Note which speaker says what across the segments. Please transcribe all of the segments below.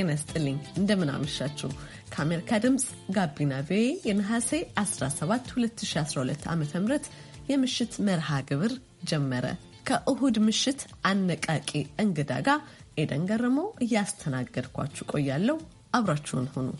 Speaker 1: ጤና ይስጥልኝ። እንደምን አመሻችሁ። ከአሜሪካ ድምፅ ጋቢና ቪ የነሐሴ 17 2012 ዓ ም የምሽት መርሃ ግብር ጀመረ። ከእሁድ ምሽት አነቃቂ እንግዳ ጋር ኤደን ገረመው እያስተናገድኳችሁ ቆያለሁ። አብራችሁን ሁኑ።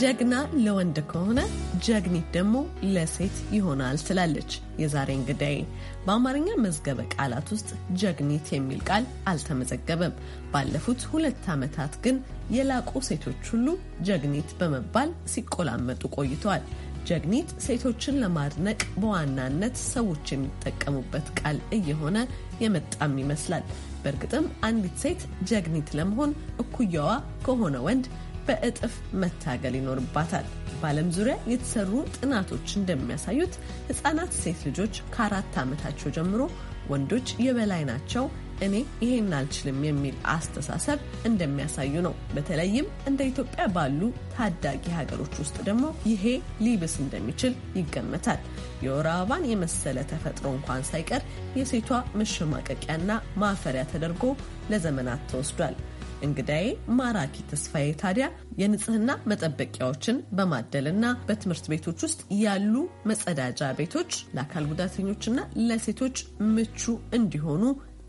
Speaker 1: ጀግና ለወንድ ከሆነ ጀግኒት ደግሞ ለሴት ይሆናል ትላለች የዛሬ እንግዳይ በአማርኛ መዝገበ ቃላት ውስጥ ጀግኒት የሚል ቃል አልተመዘገበም። ባለፉት ሁለት ዓመታት ግን የላቁ ሴቶች ሁሉ ጀግኒት በመባል ሲቆላመጡ ቆይተዋል። ጀግኒት ሴቶችን ለማድነቅ በዋናነት ሰዎች የሚጠቀሙበት ቃል እየሆነ የመጣም ይመስላል። በእርግጥም አንዲት ሴት ጀግኒት ለመሆን እኩያዋ ከሆነ ወንድ በእጥፍ መታገል ይኖርባታል። በዓለም ዙሪያ የተሰሩ ጥናቶች እንደሚያሳዩት ህፃናት ሴት ልጆች ከአራት ዓመታቸው ጀምሮ ወንዶች የበላይ ናቸው፣ እኔ ይሄን አልችልም የሚል አስተሳሰብ እንደሚያሳዩ ነው። በተለይም እንደ ኢትዮጵያ ባሉ ታዳጊ ሀገሮች ውስጥ ደግሞ ይሄ ሊብስ እንደሚችል ይገመታል። የወር አበባን የመሰለ ተፈጥሮ እንኳን ሳይቀር የሴቷ መሸማቀቂያና ማፈሪያ ተደርጎ ለዘመናት ተወስዷል። እንግዳዬ ማራኪ ተስፋዬ ታዲያ የንጽህና መጠበቂያዎችን በማደልና በትምህርት ቤቶች ውስጥ ያሉ መጸዳጃ ቤቶች ለአካል ጉዳተኞችና ለሴቶች ምቹ እንዲሆኑ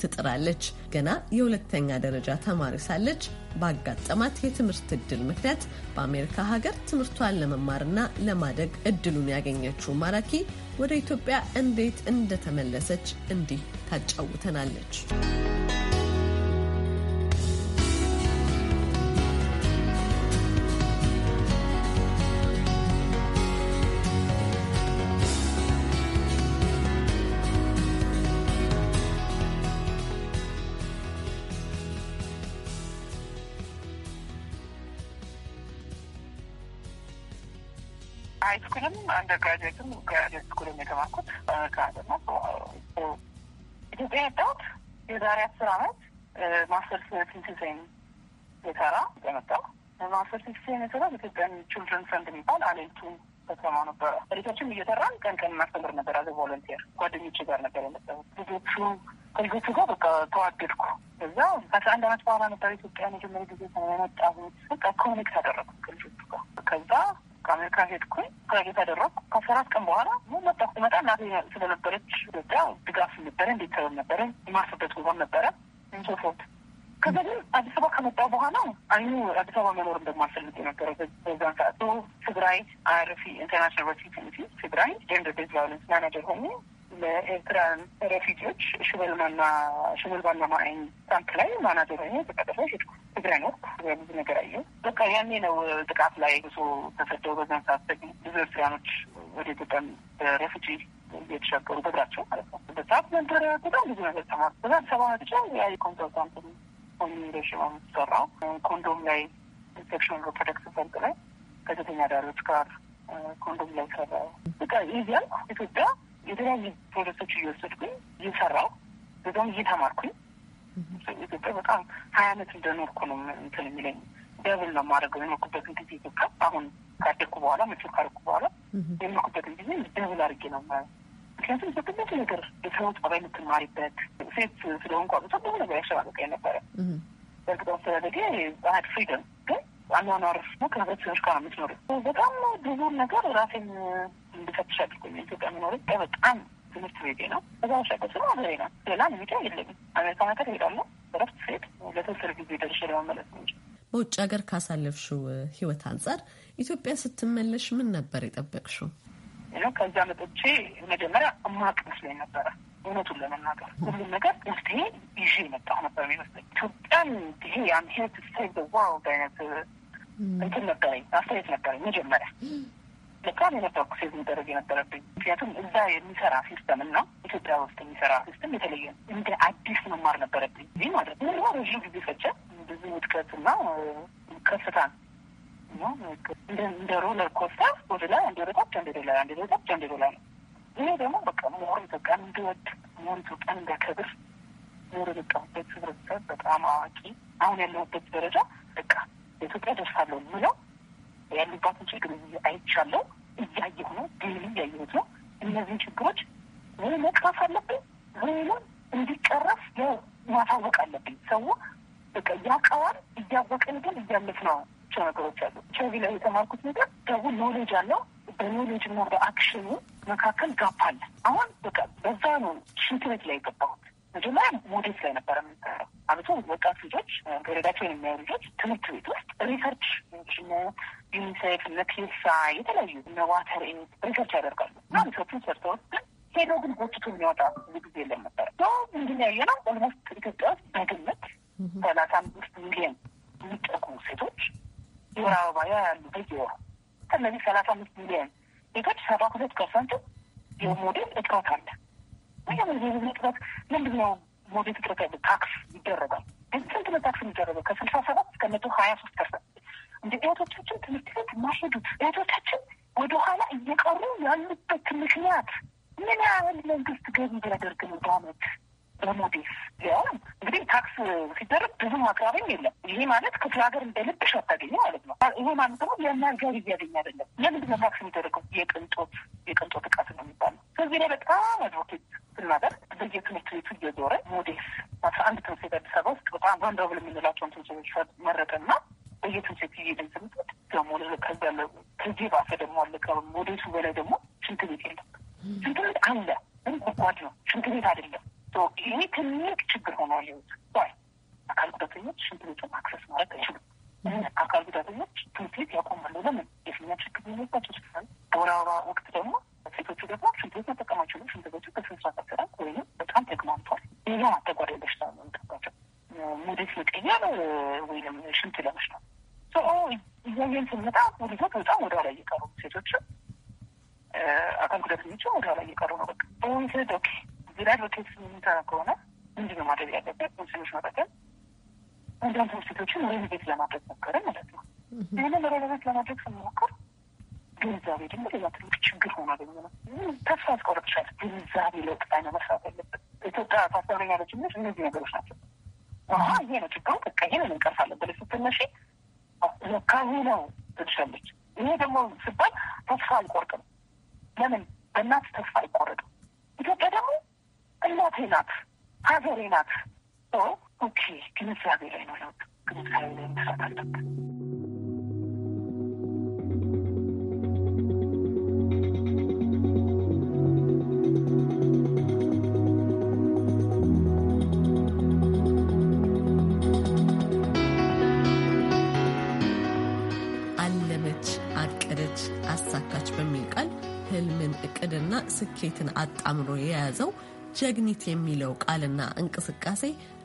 Speaker 1: ትጥራለች። ገና የሁለተኛ ደረጃ ተማሪ ሳለች ባጋጠማት የትምህርት እድል ምክንያት በአሜሪካ ሀገር ትምህርቷን ለመማርና ለማደግ እድሉን ያገኘችው ማራኪ ወደ ኢትዮጵያ እንዴት እንደተመለሰች እንዲህ ታጫውተናለች።
Speaker 2: ሃይስኩልም አንደ ግራጅዌትም ግራጅዌት ስኩልም የተማርኩት በመካና ኢትዮጵያ የመጣሁት የዛሬ አስር አመት ማስተርስ ሲንሲሴን የሰራ የመጣው ማስተር ሲንሲሴን የሰራ ኢትዮጵያን ችልድረን ፈንድ የሚባል አሌልቱ ተሰማ ነበረ። ሪቶችም እየሰራን ቀን ቀን እናስተምር ነበር። አዘ ቮለንቲር ጓደኞች ጋር ነበር የመጣሁት ልጆቹ ከልጆቹ ጋር በቃ ተዋደድኩ። እዛ ከአስራ አንድ አመት በኋላ ነበር ኢትዮጵያን የጀመሪ ጊዜ የመጣሁት። በቃ ኮኔክት አደረጉ ከልጆቹ ጋር ከዛ ከአሜሪካ ሄድኩኝ። ፕራይቬት አደረኩ። ከአስራ ቀን በኋላ መጣሁ። መጣ እናቴ ስለነበረች ኢትዮጵያ ድጋፍ ነበረ፣ እንዲተበብ ነበረ፣ የማስበት ጉባ ነበረ እንሶፎት ከዛ ግን አዲስ አበባ ከመጣሁ በኋላ አይኑ አዲስ አበባ መኖር እንደማልፈልግ የነበረ በዛን ሰዓት ትግራይ አርፊ ኢንተርናሽናል ቨርሲቲ ትግራይ ጀንደር ቤዝ ቫዮለንስ ማናጀር ሆኜ ለኤርትራን ረፊጆች ሽመልባና ሽመልባና ማይን ካምፕ ላይ ማናጀር ሆኜ ተቀጥሬ ሄድኩ። ትግራይ ነው ብዙ ነገር አየሁ። በቃ ያኔ ነው ጥቃት ላይ ብዙ ተሰደው በዛን ሰዓት ብዙ ኤርትራኖች ወደ ኢትዮጵያ ረፊጂ እየተሻገሩ በእግራቸው ማለት ነው። በሰዓት ነበረ በጣም ብዙ ነገር ተማሩ። በዛን ሰባቸው ያ ኮንሰልታንት ኮሚኒሽን ሰራው ኮንዶም ላይ ኢንፌክሽን ፕሮደክት ፈልጥ ላይ ከዘተኛ ዳሪዎች ጋር ኮንዶም ላይ ሰራ። በቃ ይህ ኢትዮጵያ የተለያዩ ፕሮጀክቶች እየወሰድኩኝ እየሰራው በዛም እየተማርኩኝ ኢትዮጵያ በጣም ሀያ አመት እንደኖርኩ ነው እንትን የሚለኝ ደብል ነው ማድረገው የኖርኩበትን ጊዜ ኢትዮጵያ አሁን ካደግኩ በኋላ መቼ ካደግኩ በኋላ የኖርኩበትን ጊዜ ደብል አድርጌ ነው ማ ምክንያቱም በግለት ነገር የሰው ጸባይ የምትማሪበት ሴት ስለሆንኩ አብቶ ብዙ ነገር ያሸማቀቀኝ ነበረ። በእርግጥ አስተዳደጌ ባህድ ፍሪደም ግን አኗኗር ነው ከህብረተሰቦች ጋር የምትኖር በጣም ብዙ ነገር ራሴን እንድፈትሽ አድርጎኛል። ኢትዮጵያ መኖር በጣም ትምህርት ቤቴ ነው። እዛ ሻቆ ስለ አብሬ ነው። ሌላ ሚዲያ የለኝም። አሜሪካ ሀገር ሄዳለሁ። እረፍት ሴት ለተወሰነ ጊዜ ደርሼ ለመመለስ ነው እንጂ
Speaker 1: በውጭ ሀገር ካሳለፍሽው ህይወት አንጻር ኢትዮጵያ ስትመለሽ ምን ነበር የጠበቅሽው?
Speaker 2: ከዛ መጥቼ መጀመሪያ እማቅ መስሎኝ ነበረ። እውነቱን ለመናገር ሁሉም ነገር መፍትሄ ይዤ መጣሁ ነበር የሚመስለኝ። ኢትዮጵያን ይሄ ያም ሄር ቱ በዋው ዘ አይነት እንትን ነበረኝ፣ አስተያየት ነበረኝ መጀመሪያ በጣም የነበርኩ ሴቭ መደረግ የነበረብኝ ምክንያቱም እዛ የሚሰራ ሲስተም እና ኢትዮጵያ ውስጥ የሚሰራ ሲስተም የተለየ እንደ አዲስ መማር ነበረብኝ። ይህ ማለት ምንድን ነው ብዙ ጊዜ ፈጀ። ብዙ ውድቀት እና ከፍታን እንደ ሮለር ኮስተር ወደ ላይ አንድ ወደ ታች፣ አንድ ወደ ላይ፣ አንድ ወደ ታች፣ አንድ ወደ ላይ ነው። ይሄ ደግሞ በቃ ሞር ኢትዮጵያ እንድወድ፣ ሞር ኢትዮጵያን እንዳከብር፣ ሞር የበቃሁበት ህብረተሰብ በጣም አዋቂ አሁን ያለሁበት ደረጃ በቃ ኢትዮጵያ ደርሳለሁ የምለው ያሉባትን ችግር አይቻለሁ። እያየሁ ነው፣ ዴይሊ እያየሁት ነው። እነዚህን ችግሮች ወይ መቅረፍ አለብኝ ወይም እንዲቀረፍ ማሳወቅ አለብኝ። ሰው በቃ ያውቀዋል። እያወቅን ግን እያለፍ እያለፍናቸው ነገሮች አሉ። ቸቪ ላይ የተማርኩት ነገር ደቡ ኖሌጅ አለው በኖሌጅ እና በአክሽኑ መካከል ጋፕ አለ። አሁን በቃ በዛ ነው ሽንት ቤት ላይ የገባሁት ብዙ ላይ ነበረ የምንሰራው አብቶ ወጣት ልጆች ገረዳቸውን የሚያዩ ልጆች ትምህርት ቤት ውስጥ ሪሰርች ሞ ዩኒሴፍ ነፒሳ የተለያዩ ነዋተር ሪሰርች ያደርጋሉ እና ሪሰርቹን ሰርተውት ግን ሄዶ ግን ጎትቶ የሚያወጣ ብዙ ጊዜ የለም ነበረ እንግዲህ ያየ ነው ኦልሞስት ኢትዮጵያ ውስጥ በግምት ሰላሳ አምስት ሚሊዮን የሚጠጉ ሴቶች የወር አበባ ያያሉ በየወሩ ከነዚህ ሰላሳ አምስት ሚሊዮን ሴቶች ሰባ ሁለት ፐርሰንቱ የሞዴል እጥረት አለ በየምን የህዝብ ምክንያት ለምንድን ነው ታክስ ይደረጋል? ግን ስንት ነው ታክስ የሚደረገው? ከስልሳ ሰባት እስከ መቶ ሀያ ሶስት ፐርሰንት እንደ እህቶቻችን ትምህርት ቤት ማሄዱት እህቶቻችን ወደኋላ እየቀሩ ያሉበት ምክንያት ምን ያህል መንግስት ገቢ ቢያደርግ ነው በአመት በሞዴስ ያውም እንግዲህ ታክስ ሲደረግ ብዙም አቅራቢም የለም። ይሄ ማለት ክፍለ ሀገር እንደ ልብሽ አታገኘ ማለት ነው። ይሄ ማለት ደግሞ የእኛን ገቢ እያገኘ አይደለም። ለምንድን ታክስ የሚደረገው? የቅንጦት የቅንጦት እቃት ነው ስለዚህ ላይ በጣም አድቮኬት ስናደርግ በየትምህርት ቤቱ እየዞረ ሞዴስ አስራ አንድ ትምህርት ቤት አዲስ አበባ ውስጥ በጣም ቫንድራብል የምንላቸውን ትምህርት ቤቶች መረጠና በየትምህርት ቤት እየሄድን ስንጠጥ ደግሞ ከዚያ ከዚህ ባሰ ደግሞ አለቀ ሞዴሱ በላይ ደግሞ ሽንት ቤት የለም። ሽንት ቤት አለ ግን ጉድጓድ ነው፣ ሽንት ቤት አይደለም። ይሄ ትልቅ ችግር ሆኗል። ይወት አካል ጉዳተኞች ሽንት ቤቱን አክሰስ ማድረግ ናት። ኦኬ ግንዛቤ ላይ ነው ለውጥ ግንዛቤ ላይ መስራት አለብን።
Speaker 1: አሳካች በሚል ቃል ህልምን እቅድና ስኬትን አጣምሮ የያዘው ጀግኒት የሚለው ቃልና እንቅስቃሴ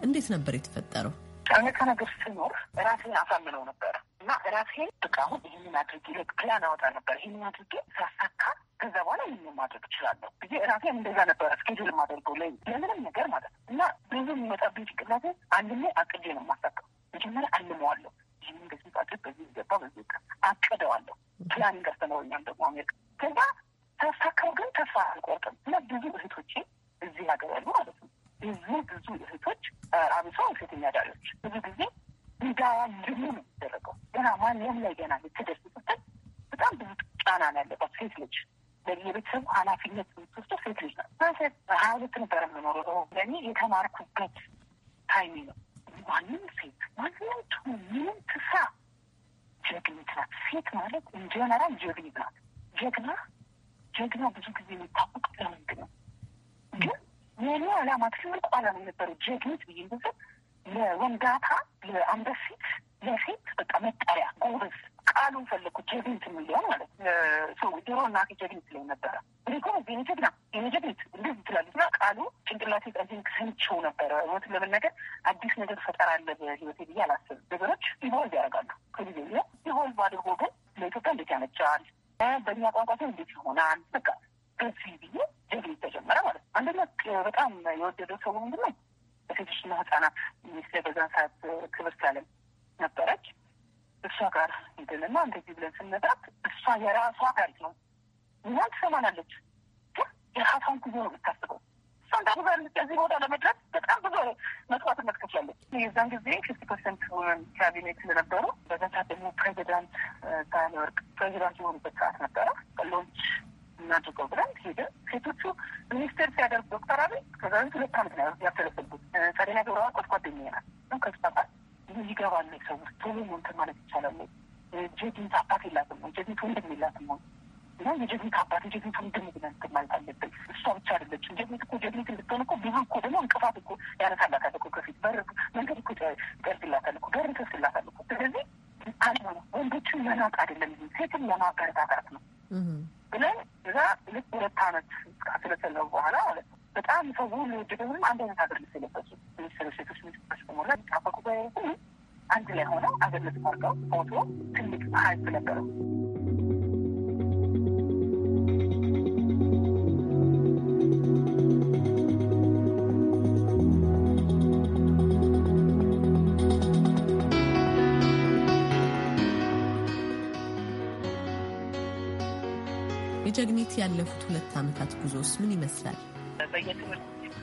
Speaker 1: እንዴት ነበር የተፈጠረው?
Speaker 2: ጫነታ ነገር ስኖር ራሴን አሳምነው ነበር እና ራሴን በቃ አሁን ይህንን አድርጌ ፕላን አወጣ ነበር። ይህንን አድርጌ ሳሳካ ከዛ በኋላ ይህንን ማድረግ እችላለሁ ብዬ ራሴን እንደዛ ነበረ ስኬጁል ማደርገው ላይ ለምንም ነገር ማለት ነው እና ብዙ የሚመጣብኝ ጭቅላት አንድሜ አቅጄ ነው የማሳካው። መጀመሪያ አልመዋለሁ። ይህን እንደዚህ አድርግ በዚህ ይገባ በዚህ ይቀ አቅደዋለሁ። ፕላን ገርተነውኛል ደግሞ አሜሪካ ከዛ ሳሳካው ግን ተስፋ አልቆርጥም እና ብዙ እህቶቼ እዚህ ሀገር ያሉ ማለት ነው። ብዙ ብዙ እህቶች አብሶ ሴተኛ አዳሪዎች ብዙ ጊዜ እንዳያልሙ ነው የሚደረገው። ገና ማንም ላይ ገና ልትደርስ ስትል በጣም ብዙ ጫና ነው ያለባት ሴት ልጅ የቤተሰቡ ኃላፊነት የምትወስደው ሴት ልጅ ናት። በሴት ሀያ ሁለት ነበረ የምኖረ ለእኔ የተማርኩበት ታይሚ ነው። ማንም ሴት ማንም ቱ ምንም ትስራ ጀግኒት ናት። ሴት ማለት ኢንጀነራል ጀግኒት ናት። ጀግና ጀግና ብዙ ጊዜ የሚታወቅ ለምንድን ነው የእኔ ዓላማችን ትልቁ ዓላማ የነበረው ጀግኒት ብዬ ንግብ ለወንዳታ ለአንበሲት ለሴት በቃ መጠሪያ ጎበዝ ቃሉን ፈለግኩ። ጀግኒት የሚለውን ማለት ሰው ድሮ እናቴ ጀግኒት ላይ ነበረ ሪኮ ዜኒ ጀግና የኔ ጀግኒት እንደዚህ ትላለች እና ቃሉ ጭንቅላቴ ዚንክ ስንቸው ነበረ። እውነትን ለመናገር አዲስ ነገር ፈጠር አለ በህይወቴ ብዬ አላስብ ነገሮች ኢቮልቭ ያደርጋሉ ከጊዜ ጊዜ ኢቮልቭ አድርጎ ግን ለኢትዮጵያ እንዴት ያመጫል፣ በእኛ ቋንቋ እንዴት ይሆናል በቃ በዚህ ብዬ ትንግሊዝ ተጀመረ ማለት ነው። አንደኛ በጣም የወደደው ሰው ምንድን ነው በሴቶችና ህጻናት ሚኒስቴር በዛን ሰዓት ክብር ሳለም ነበረች። እሷ ጋር ሄደንና እንደዚህ ብለን ስነጣት እሷ የራሷ ታሪክ ነው እኛን ትሰማናለች፣ ግን የራሷን ጊዜ ነው የምታስበው። እሷ እንዳሁዛ እዚህ ቦታ ለመድረስ በጣም ብዙ መስዋዕት መትከፍላለች። የዛን ጊዜ ፊፍቲ ፐርሰንት ወመን ካቢኔት ስለነበሩ በዛን ሰዓት ደግሞ ፕሬዚዳንት ሳህለወርቅ ፕሬዚዳንት የሆኑበት ሰዓት ነበረ ሎንች እናድርገው ብለን ሄደን ሴቶቹ ሚኒስቴር ሲያደርግ ዶክተር አብይ ከዛ በፊት ሁለት ዓመት ነው ያገለገልኩት። ጸደኒያ ገብረዋቆት ጓደኛዬ ናት። ነው ከስፋፋል ይህ ይገባል ሰው ውስጥ ቶሎ እንትን ማለት ይቻላል። ጀግኒት አባት የላትም ወይ ጀግኒት ወንድም የላትም ወይ እና የጀግኒት አባት የጀግኒት ወንድም ብለን እንትን ማለት አለብን። እሷ ብቻ አይደለችም ጀግኒት እኮ ጀግኒት እንድትሆን እኮ ብዙ እኮ ደግሞ እንቅፋት እኮ ያነሳላታል እኮ ከፊት በር መንገድ እኮ ይጠርግላታል እኮ በር ይከፍትላታል እኮ ስለዚህ አለ ወንዶችን ለናቅ አይደለም ሴትን ለማበረታታት ነው ከዛ ልክ ሁለት አመት ካስለሰለው በኋላ ማለት ነው በጣም ሰው ሁሉ የወደደውንም አንድ አይነት ሀገር ልብስ የለበሱ ሚኒስትር ሴቶች ሚኒስትር ሞላ ጣፈ ጉባኤ ሁሉ አንድ ላይ ሆነው አገር ልብስ አድርገው ፎቶ ትልቅ ሀይፕ ነበረው።
Speaker 1: የጀግኒት ያለፉት ሁለት ዓመታት ጉዞስ ምን ይመስላል?
Speaker 2: በየትምህርት ቤቱ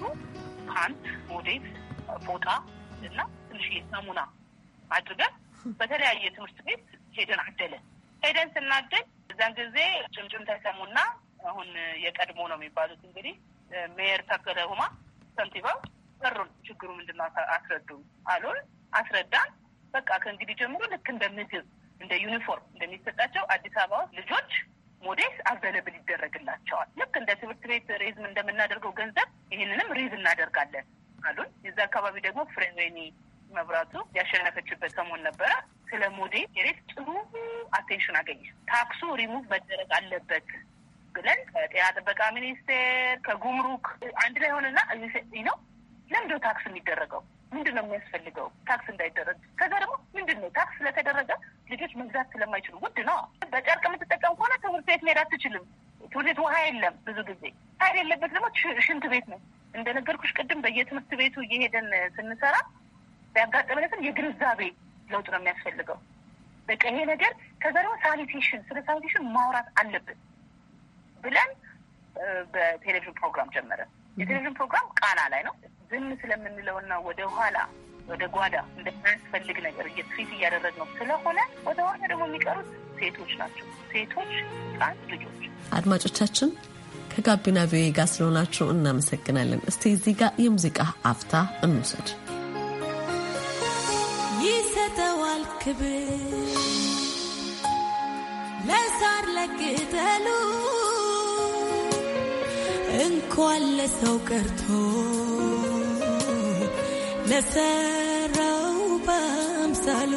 Speaker 2: ፓንት፣ ሞዴል፣ ፎጣ እና ትንሽ ሳሙና አድርገን በተለያየ ትምህርት ቤት ሄደን አደለን። ሄደን ስናደል እዛን ጊዜ ጭምጭም ተሰሙና አሁን የቀድሞ ነው የሚባሉት እንግዲህ ሜየር ታከለ ሁማ ከንቲባው ጠሩን። ችግሩ ምንድን ነው አስረዱም አሉን። አስረዳን። በቃ ከእንግዲህ ጀምሮ ልክ እንደ ምግብ እንደ ዩኒፎርም እንደሚሰጣቸው አዲስ አበባ ውስጥ ልጆች ሞዴስ አቬለብል ይደረግላቸዋል። ልክ እንደ ትምህርት ቤት ሬዝም እንደምናደርገው ገንዘብ ይህንንም ሬዝ እናደርጋለን አሉን። የዛ አካባቢ ደግሞ ፍሬንዌኒ መብራቱ ያሸነፈችበት ሰሞን ነበረ። ስለ ሞዴ የሬት ጥሩ አቴንሽን አገኘ። ታክሱ ሪሙቭ መደረግ አለበት ብለን ከጤና ጥበቃ ሚኒስቴር ከጉምሩክ አንድ ላይ ሆነና ነው ለምዶ ታክስ የሚደረገው ምንድን ነው የሚያስፈልገው? ታክስ እንዳይደረግ። ከዛ ደግሞ ምንድን ነው ታክስ ስለተደረገ ልጆች መግዛት ስለማይችሉ ውድ ነው። በጨርቅ የምትጠቀም ከሆነ ትምህርት ቤት መሄድ አትችልም። ትምህርት ቤት ውሃ የለም። ብዙ ጊዜ ሀይል የለበት ደግሞ ሽንት ቤት ነው። እንደነገርኩሽ ቅድም በየትምህርት ቤቱ እየሄደን ስንሰራ ያጋጠመለትን የግንዛቤ ለውጥ ነው የሚያስፈልገው። በቃ ይሄ ነገር ከዛ ደግሞ ሳኒቴሽን፣ ስለ ሳኒቴሽን ማውራት አለብን ብለን በቴሌቪዥን ፕሮግራም ጀመረ። የቴሌቪዥን ፕሮግራም ቃና ላይ ነው። ዝም ስለምንለውና ወደ ኋላ ወደ ጓዳ እንደማያስፈልግ ነገር እየትሪት ነው ስለሆነ ወደ ኋላ ደግሞ የሚቀሩት ሴቶች ናቸው። ሴቶች፣ ህጻን ልጆች።
Speaker 1: አድማጮቻችን ከጋቢና ቪኦኤ ጋር ስለሆናችሁ እናመሰግናለን። እስቲ እዚህ ጋር የሙዚቃ አፍታ እንውሰድ።
Speaker 3: ይሰጠዋል ክብር ለሳር ለቅጠሉ እንኳን ለሰው ቀርቶ ለሰራው በአምሳሉ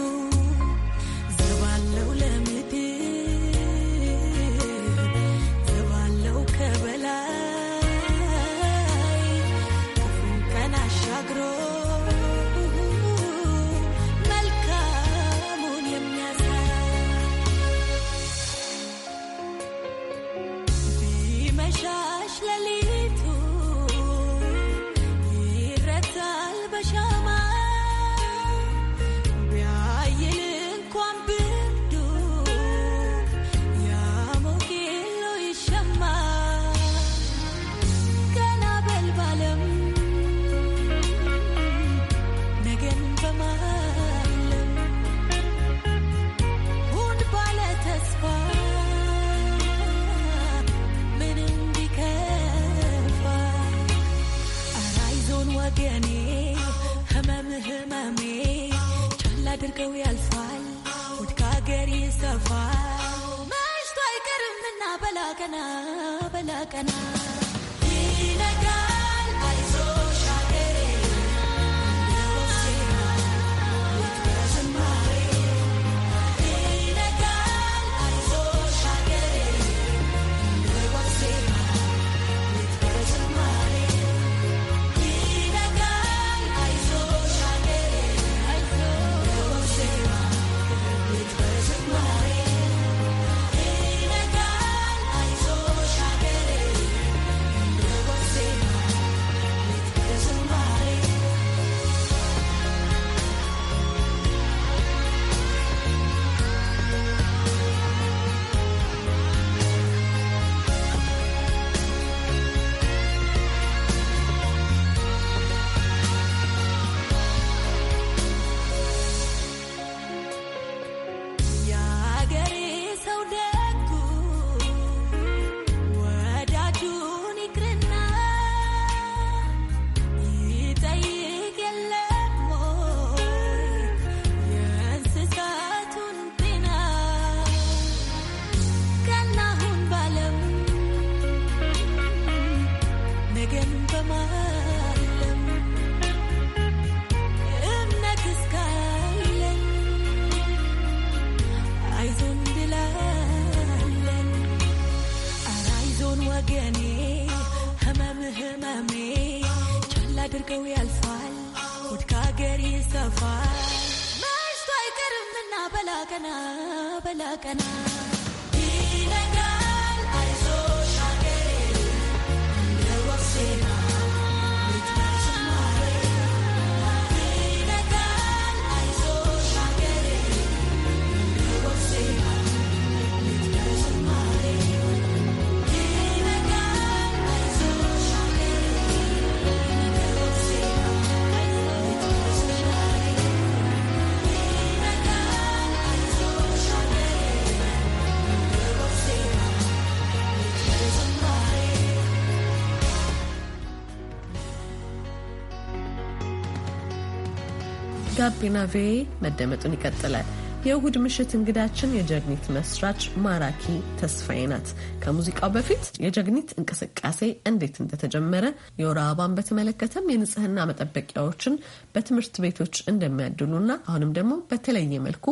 Speaker 1: ጋቢና ቪኦኤ መደመጡን ይቀጥላል። የእሁድ ምሽት እንግዳችን የጀግኒት መስራች ማራኪ ተስፋዬ ናት። ከሙዚቃው በፊት የጀግኒት እንቅስቃሴ እንዴት እንደተጀመረ፣ የወር አበባን በተመለከተም የንጽህና መጠበቂያዎችን በትምህርት ቤቶች እንደሚያድሉና አሁንም ደግሞ በተለየ መልኩ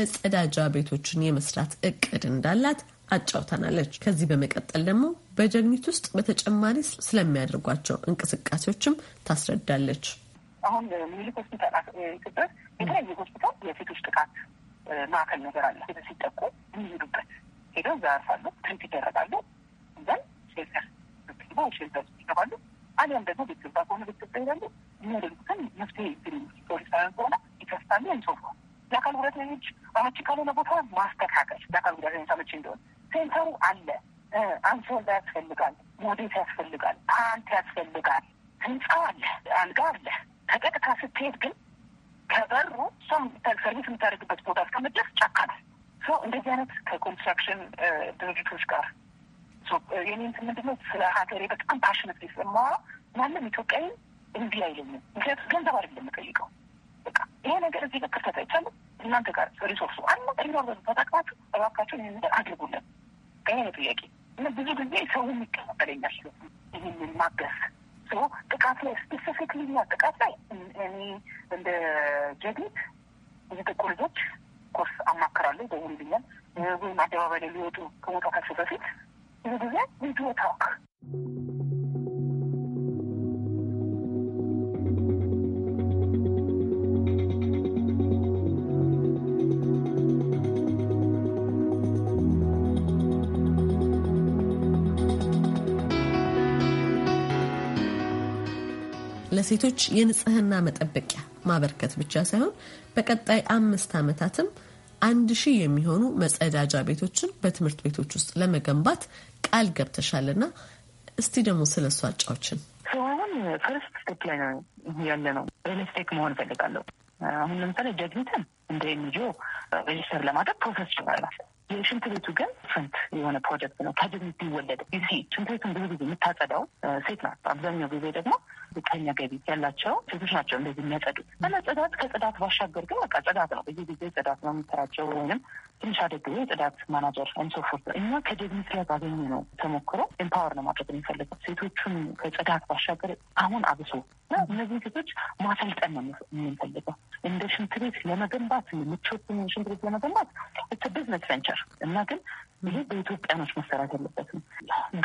Speaker 1: መጸዳጃ ቤቶችን የመስራት እቅድ እንዳላት አጫውታናለች። ከዚህ በመቀጠል ደግሞ በጀግኒት ውስጥ በተጨማሪ ስለሚያደርጓቸው እንቅስቃሴዎችም ታስረዳለች።
Speaker 2: አሁን ሚኒሊክ ሆስፒታል ኢትዮጵያ የተለያየ ሆስፒታል የሴቶች ጥቃት ማዕከል ነገር አለ። ሴቶች ሲጠቁ የሚሄዱበት ሄደው እዛ ያርፋሉ፣ ትሪት ይደረጋሉ። ዘን ሼልተር ሼልተር ይገባሉ። አሊያም ደግሞ ቤተሰብ ከሆነ ቤተሰብ ይሄዳሉ። የሚያደርጉትን መፍትሄ ፖሊስ ከሆነ ይከፍታሉ። ያንሶፏል የአካል ጉዳተኞች አመቺ ካልሆነ ቦታ ማስተካከል ለአካል ጉዳተኞች አመቺ እንደሆነ ሴንተሩ አለ። አንሶላ ያስፈልጋል፣ ሞዴት ያስፈልጋል፣ ፓንት ያስፈልጋል፣ ህንፃ አለ፣ አልጋ አለ። ከቀጥታ ስትሄድ ግን ከበሩ እሷም ሰርቪስ የምታደርግበት ቦታ እስከምትደርስ ጫካ ነው። ሰው እንደዚህ አይነት ከኮንስትራክሽን ድርጅቶች ጋር የኔ እንትን ስለ ሀገሬ በጣም ፓሽነት ስለማወራ ማንም ኢትዮጵያዊ እንዲህ አይለኝም። ምክንያቱም ገንዘብ አይደለም የምጠይቀው። በቃ ይሄ ነገር እዚህ በክር ተታይቻለ እናንተ ጋር ሪሶርሱ አለ ሪሶርሱ ተጠቅማችሁ እባካችሁን ይህን ነገር አድርጉለን። ይሄ ነው ጥያቄ እና ብዙ ጊዜ ሰው የሚቀበለኛል ይህንን ማገዝ ጥቃት ላይ ስፔሲፊክሊ እኛ ጥቃት ላይ እኔ እንደ ጀዲት ብዙ ልጆች ኮርስ አማከራለሁ ደውልልኛል ወይም አደባባይ ላይ ሊወጡ ከመውጣታቸው በፊት ብዙ ጊዜ ቪዲዮ ወታክ
Speaker 1: ለሴቶች የንጽህና መጠበቂያ ማበርከት ብቻ ሳይሆን በቀጣይ አምስት ዓመታትም አንድ ሺህ የሚሆኑ መጸዳጃ ቤቶችን በትምህርት ቤቶች ውስጥ ለመገንባት ቃል ገብተሻልና እስቲ ደግሞ ስለ እሱ አጫዎችን።
Speaker 2: አሁን ፈርስት ስቴፕ ላይ ነው ያለ ነው። ሪልስቴክ መሆን እፈልጋለሁ። አሁን ለምሳሌ ጀግኒትን እንደ ኤንጂኦ ሬጅስተር ለማድረግ ፕሮሰስ ይችላላል። የሽንት ቤቱ ግን ፍንት የሆነ ፕሮጀክት ነው። ከጀግኒት ቢወለድ ሽንት ቤቱን ብዙ ጊዜ የምታጸዳው ሴት ናት። አብዛኛው ጊዜ ደግሞ ዝቅተኛ ገቢ ያላቸው ሴቶች ናቸው እንደዚህ የሚያጸዱት እና ጽዳት ከጽዳት ባሻገር ግን በቃ ጽዳት ነው። ብዙ ጊዜ ጽዳት ነው የምንሰራቸው ወይም ትንሽ አደግ የጽዳት ማናጀር ንሶፎርት እኛ ከደግሚ ስራ ባገኘ ነው ተሞክሮ ኤምፓወር ነው ማድረግ የሚፈልገው ሴቶቹን ከጽዳት ባሻገር አሁን አብሶ እና እነዚህ ሴቶች ማሰልጠን ነው የምንፈልገው እንደ ሽንት ቤት ለመገንባት ምቾት ሽንት ቤት ለመገንባት ቢዝነስ ቬንቸር እና ግን ይሄ በኢትዮጵያኖች መሰራት ያለበት ነው።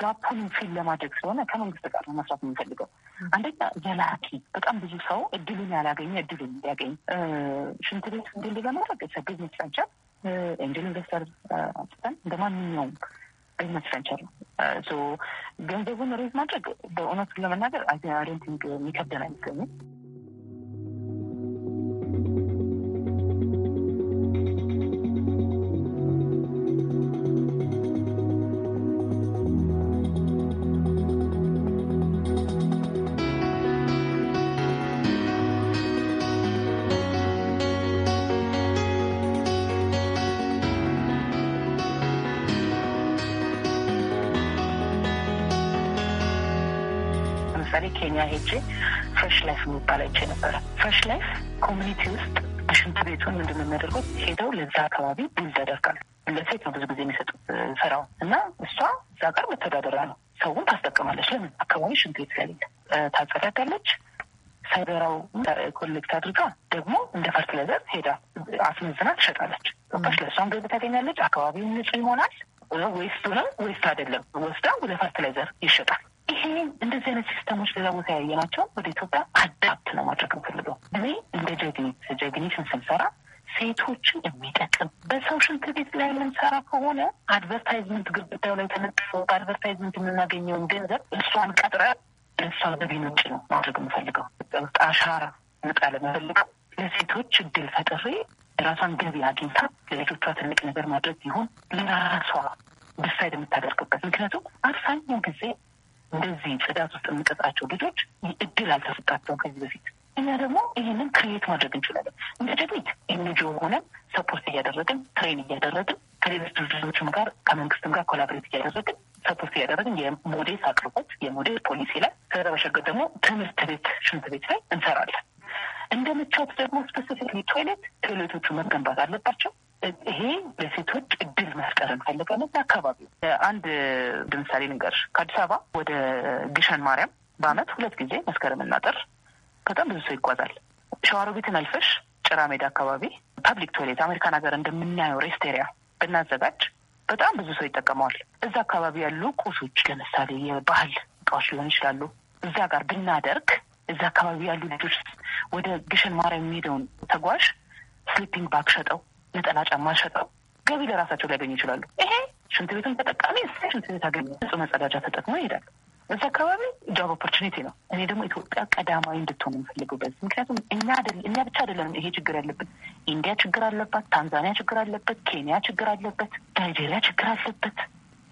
Speaker 2: ጋፑን ፊል ለማድረግ ስለሆነ ከመንግስት ጋር ነው መስራት የሚፈልገው አንደኛ ዘላቂ በጣም ብዙ ሰው እድሉን ያላገኘ እድሉን እንዲያገኝ ሽንት ቤት እንድል ለማድረግ ቢዝነስ ፍራንቸር ኤንጅል ኢንቨስተር አጥተን እንደ ማንኛውም ቢዝነስ ፍራንቸር ነው። ገንዘቡን ሬዝ ማድረግ በእውነቱን ለመናገር አይደንቲንግ የሚከብደን አይመስለኝም። ኬንያ ሄጄ ፍሬሽ ላይፍ የሚባል አይቼ ነበረ። ፍሬሽ ላይፍ ኮሚኒቲ ውስጥ በሽንት ቤቱን ምንድን ነው የሚያደርጉት? ሄደው ለዛ አካባቢ ቢል ያደርጋሉ። ለሴት ነው ብዙ ጊዜ የሚሰጡት ስራው እና እሷ እዛ ጋር መተዳደሪያ ነው። ሰውን ታስጠቀማለች። ለምን አካባቢ ሽንት ቤት ስለሌለ ታጸዳዳለች። ሳይበራው ኮሌክት አድርጋ ደግሞ እንደ ፈርትላይዘር ሄዳ አስመዝና ትሸጣለች። ፈሽ ለእሷም ገቢ ታገኛለች። አካባቢውን ንጹህ ይሆናል። ዌስቱንም ዌስት አይደለም ወስዳ ወደ ፈርትላይዘር ይሸጣል። ይሄ እንደዚህ አይነት ሲስተሞች ሌላ ቦታ ናቸው ወደ ኢትዮጵያ አዳፕት ነው ማድረግ እንፈልገው። እኔ እንደ ጀግኒት ጀግኒትን ስንሰራ ሴቶችን የሚጠቅም በሰው ሽንት ቤት ላይ የምንሰራ ከሆነ አድቨርታይዝመንት ግድግዳው ላይ ተነጥፎ በአድቨርታይዝመንት የምናገኘውን ገንዘብ እሷን ቀጥረ ለእሷ ገቢ ምንጭ ነው ማድረግ የምፈልገው። ውስጥ አሻራ መጣል የምፈልገው ለሴቶች እድል ፈጥሬ ራሷን ገቢ አግኝታ ለልጆቿ ትልቅ ነገር ማድረግ ይሁን ለራሷ ድሳይድ የምታደርግበት ምክንያቱም አብዛኛው ጊዜ እንደዚህ ጽዳት ውስጥ የምንቀጣቸው ልጆች እድል አልተሰጣቸውም ከዚህ በፊት። እኛ ደግሞ ይህንን ክሬት ማድረግ እንችላለን። እንደ ጀግኒት ኤንጂኦ ሆነን ሰፖርት እያደረግን ትሬን እያደረግን ከሌሎች ድርጅቶችም ጋር ከመንግስትም ጋር ኮላብሬት እያደረግን ሰፖርት እያደረግን የሞዴል አቅርቦት የሞዴል ፖሊሲ ላይ ከዛ በሸገር ደግሞ ትምህርት ቤት ሽንት ቤት ላይ እንሰራለን። እንደ መቻት ደግሞ ስፔሲፊክ ቶይሌት ቶይሌቶቹ መገንባት አለባቸው። ይሄ ለሴቶች እድል መፍጠር እንፈልጋለን። ለአካባቢው አንድ ለምሳሌ ልንገርሽ፣ ከአዲስ አበባ ወደ ግሸን ማርያም በአመት ሁለት ጊዜ መስከረም እና ጥር በጣም ብዙ ሰው ይጓዛል። ሸዋሮቢትን አልፈሽ ጭራ ሜዳ አካባቢ ፐብሊክ ቶይሌት አሜሪካን ሀገር እንደምናየው ሬስቴሪያ ብናዘጋጅ በጣም ብዙ ሰው ይጠቀመዋል። እዛ አካባቢ ያሉ ቁሶች ለምሳሌ የባህል እቃዎች ሊሆን ይችላሉ። እዛ ጋር ብናደርግ እዛ አካባቢ ያሉ ልጆች ወደ ግሸን ማርያም የሚሄደውን ተጓዥ ስሊፒንግ ባክ ሸጠው ነጠላ ጫማ ሸጠው ገቢ ለራሳቸው ሊያገኙ ይችላሉ። ይሄ ሽንት ቤትን ተጠቃሚ ሽንት ቤት አገኘ ንጹህ መጸዳጃ ተጠቅሞ ይሄዳል። እዚ አካባቢ ጃብ ኦፖርቹኒቲ ነው። እኔ ደግሞ ኢትዮጵያ ቀዳማዊ እንድትሆን የምፈልገው በዚህ ምክንያቱም እኛ ብቻ አይደለንም ይሄ ችግር ያለብን። ኢንዲያ ችግር አለባት፣ ታንዛኒያ ችግር አለበት፣ ኬንያ ችግር አለበት፣ ናይጄሪያ ችግር አለበት።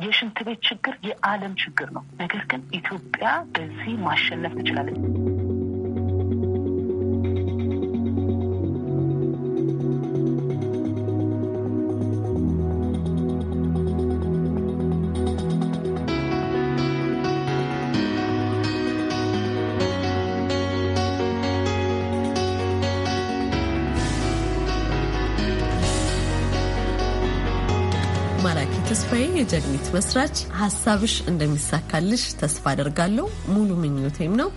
Speaker 2: የሽንት ቤት ችግር የዓለም ችግር ነው። ነገር ግን ኢትዮጵያ በዚህ ማሸነፍ ትችላለች።
Speaker 1: ተስፋዬ የጀግኒት መስራች፣ ሀሳብሽ እንደሚሳካልሽ ተስፋ አደርጋለሁ። ሙሉ ምኞቴም ነው።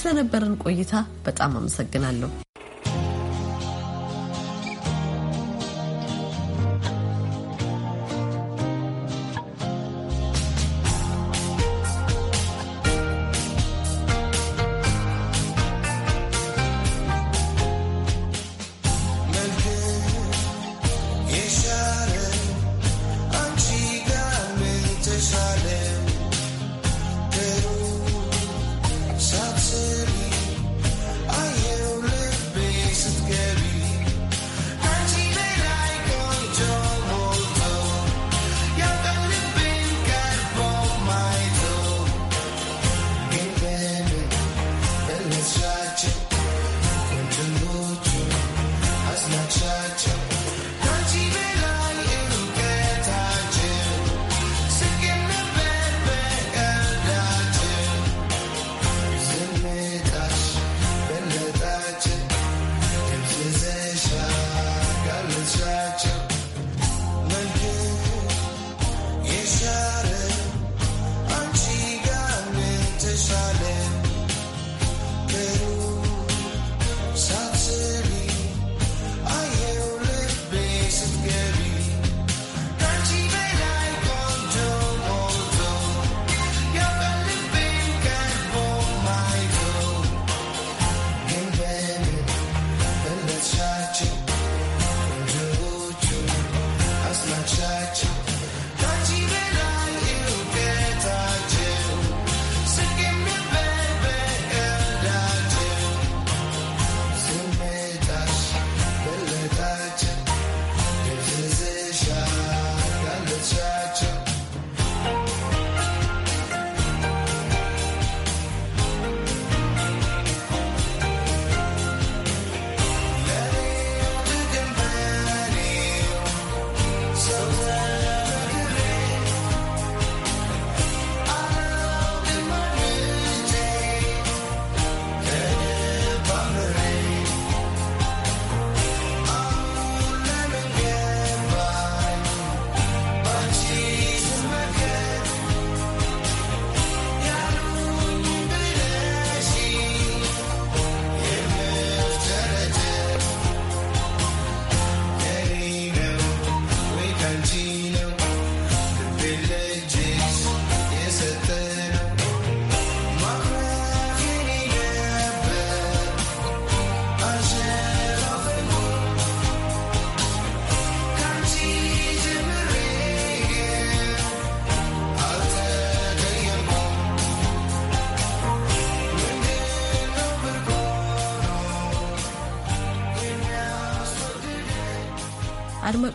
Speaker 1: ስለነበረን ቆይታ በጣም አመሰግናለሁ።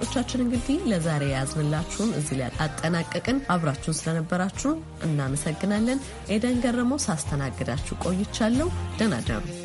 Speaker 1: አድማጮቻችን እንግዲህ ለዛሬ የያዝንላችሁን እዚህ ላይ አጠናቀቅን። አብራችሁን ስለነበራችሁ እናመሰግናለን። ኤደን ገረመው ሳስተናግዳችሁ ቆይቻለሁ። ደህና ደሩ።